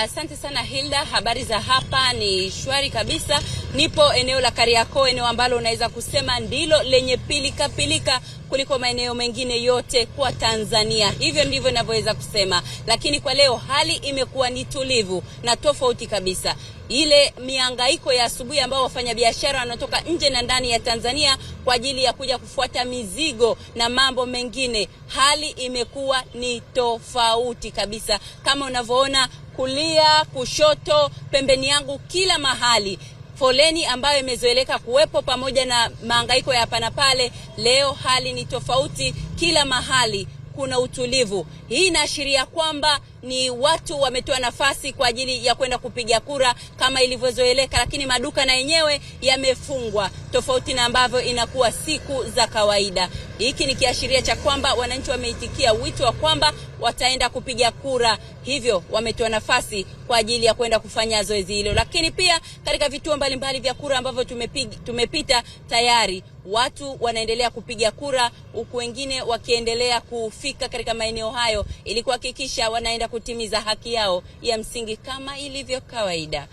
Asante sana Hilda, habari za hapa ni shwari kabisa nipo eneo la Kariakoo, eneo ambalo unaweza kusema ndilo lenye pilika pilika kuliko maeneo mengine yote kwa Tanzania. Hivyo ndivyo ninavyoweza kusema, lakini kwa leo hali imekuwa ni tulivu na tofauti kabisa. Ile miangaiko ya asubuhi ambao wafanyabiashara wanatoka nje na ndani ya Tanzania kwa ajili ya kuja kufuata mizigo na mambo mengine, hali imekuwa ni tofauti kabisa, kama unavyoona kulia, kushoto, pembeni yangu, kila mahali foleni ambayo imezoeleka kuwepo pamoja na mahangaiko ya hapa na pale. Leo hali ni tofauti, kila mahali kuna utulivu. Hii inaashiria kwamba ni watu wametoa nafasi kwa ajili ya kwenda kupiga kura kama ilivyozoeleka, lakini maduka na yenyewe yamefungwa tofauti na ambavyo inakuwa siku za kawaida. Hiki ni kiashiria cha kwamba wananchi wameitikia wito wa kwamba wataenda kupiga kura, hivyo wametoa nafasi kwa ajili ya kwenda kufanya zoezi hilo. Lakini pia katika vituo mbalimbali vya kura ambavyo tumepita tayari watu wanaendelea kupiga kura, huku wengine wakiendelea kufika katika maeneo hayo ili kuhakikisha wanaenda kutimiza haki yao ya msingi kama ilivyo kawaida.